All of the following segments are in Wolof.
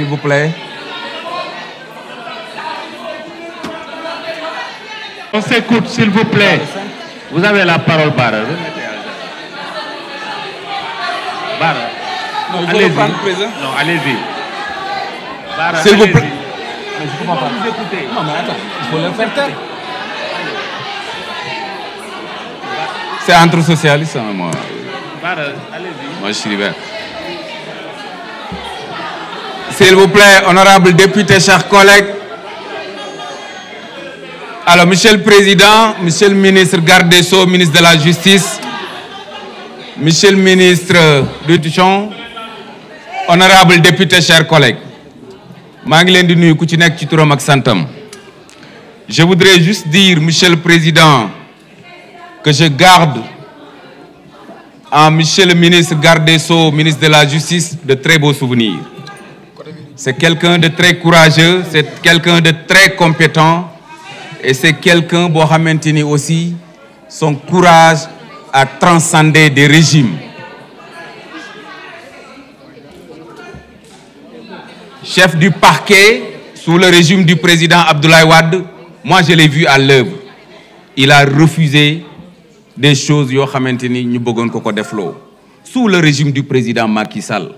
s'il vous plaît. On s'écoute, s'il vous plaît. Vous avez la parole, Barra. Barra. Non, allez-y. Non, allez-y. Barra, s'il allez vous plaît. Mais je comprends pas. Vous écouter. Non, mais attends, il faut le faire taire. C'est entre socialistes, hein, moi. Barra, allez-y. Moi, je suis libéré. S'il vous plaît, honorables députés, chers collègues. Alors, Monsieur le Président, Monsieur le ministre garde des so ministre de la Justice, Monsieur le ministre Dutuchon, honorables députés, chers collègues. maa ngi leen di nuyu ku ci nekk ci turam ak santam je voudrais juste dire monsieur le président que je garde en monsieur le ministre garde des so ministre de la justice de très beaux souvenirs C'est quelqu'un de très courageux, c'est quelqu'un de très compétent et c'est quelqu'un boo xamante ni aussi son courage a transcendé des régimes. Chef du parquet sous le régime du président Abdoulaye Wade, moi je l'ai vu à l'œuvre. Il a refusé des choses yoo xamante ni ñu bëggoon ko ko defloo sous le régime du président Macky Sall.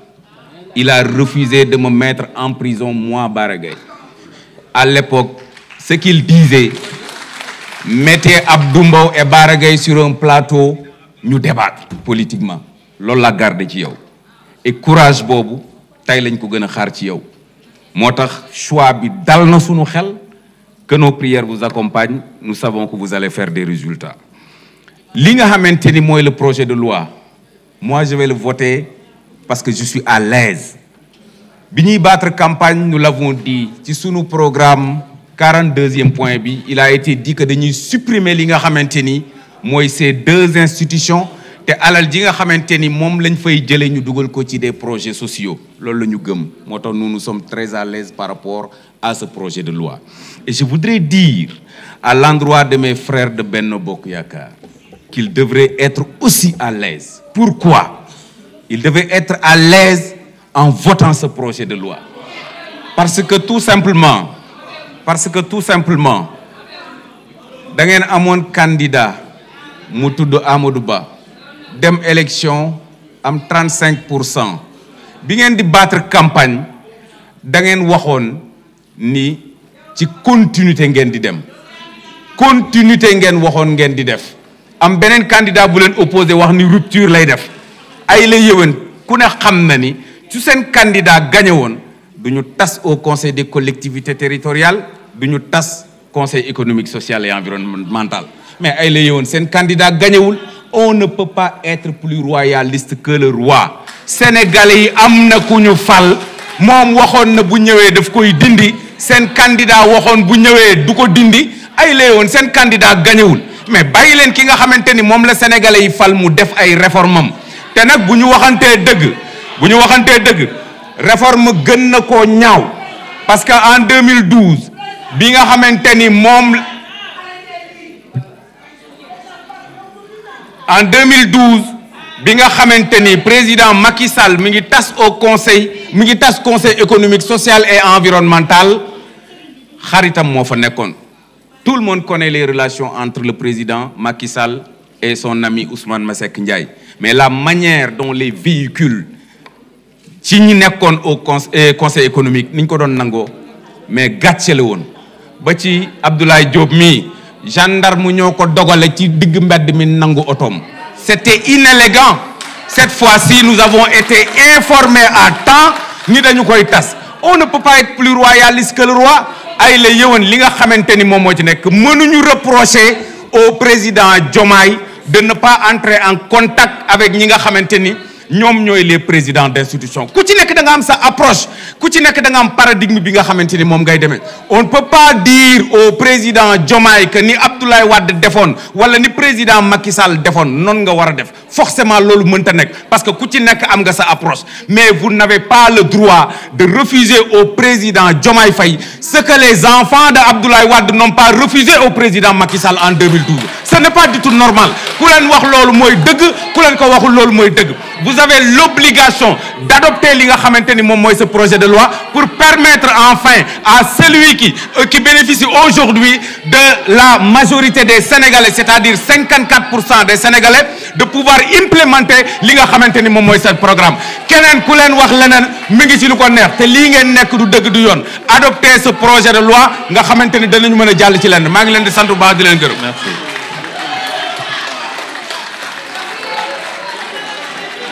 il a refusé de me mettre en prison, moi, Baragay. À l'époque, ce qu'il disait, mettez Abdoumbo e Baragay sur un plateau, ñu débattre politiquement. loolu la garde ci yow et courage boobu tey lañ ko gën a xaar ci yow moo tax choix bi dal na sunu xel que no prière vous accompagne nu savons que vous allez faire des résultats li nga xamante ni mooy le projet de loi mois je vais le voter parce que je suis à l'aise bi ñuy battre campagne nous l'avons dit ci sunu programme 42 deuxième point bi il a été dit que dañuy supprimer li nga xamante ni mooy ces deux institutions te alal ji nga xamante ni moom lañ fay jëlee ñu dugal ko ci des projets sociaux loolu la ñu gëm moo tax nu nous sommes très à l'aise par rapport à ce projet de loi et je voudrais dire à l'endroit de mes frères de benn Bokk Yakaar qu'ils devraient être aussi à l'aise pourquoi il devait être à l'aise en votant ce projet de loi. Parce que tout simplement, parce que tout simplement, da ngeen amoon candidat mu tudd Amadou Ba dem élection am 35 pour cent bi ngeen di battre campagne da ngeen waxoon ni ci continuité ngeen di dem continuité ngeen waxoon ngeen di def am beneen candidat bu leen opposé wax ni rupture lay def ay la yëwan ku ne xam na ni su seen candidat gagné du ñu tas au conseil des collectivités territoriales du ñu tas conseil économique sociale et environnemental mais ay la yëwan seen candidat gañewul on ne peut pas être plus royaliste que le roi sénégalais yi am na ku ñu fal moom waxoon na bu ñëwee daf koy dindi seen candidat waxoon bu ñëwee du ko dindi ay la yëwan seen candidat gañewul mais bàyyi leen ki nga xamante ni moom la sénégalais yi fal mu def ay réforme te nag bu ñu waxantee dëgg bu ñu waxantee dëgg réforme gën na ko ñaaw parce que en 2012 bi nga xamante ni moom en 2012 bi nga xamante ni président Macky Sall mi ngi tas au conseil mi ngi tas conseil économique social et environnemental xaritam moo fa nekkoon tout le monde connaît les relations entre le président Macky et son ami ma sekk Ndiaye mais la manière dont les véhicules ci ñi nekkoon au euh, conseil économique ni ñu ko doon nangoo mais gàcce la woon ba ci Abdoulaye Diop mii gendarme ñoo ko dogale ci digg mbedd mi nangu otoom c'était inélégant cette fois-ci nous avons été informés à temps ni dañu koy tas on ne peut pas plus royaliste que le roi ay la yëwan li nga xamante ni moom moo ci nekk mënuñu reprocher au président Diomaye de pas entrer en contact avec ñi nga xamante ni ñoom ñooy les présidents d'institution ku ci nekk da nga am sa approche ku ci nekk danga nga am paradigme bi nga xamante ni moom ngay demee on ne pas dire au président Diomaye que ni Abdoulaye wadd defoon wala ni président Macky Sall defoon noonu nga war a def forcément loolu mënta nekk parce que ku ci nekk am nga sa approche mais vous n'avez pas le droit de refuser au président Diomaye Faye ce que les enfants de Abdoulaye Wade n'ont pas refusé au président Macky Sall en 2012 ce n'est pas du tout normal ku leen wax loolu mooy dëgg ku leen ko waxul loolu mooy dëgg vous avez l'obligation d'adopter li nga xamante ni moom mooy ce projet de loi pour permettre enfin à celui qui euh, qui bénéficie aujourd'hui de la majorité des Sénégalais c'est-à-dire 54 pour cent des Sénégalais de pouvoir implémenter li nga xamante ni moom mooy seen programme keneen ku leen wax leneen mi ngi ci lu ko neex te lii ngeen nekk du dëgg du yoon adopter ce projet de loi nga xamante ni danañu mën a jàll ci lenn maa ngi leen di sant bu baax leen gërëm.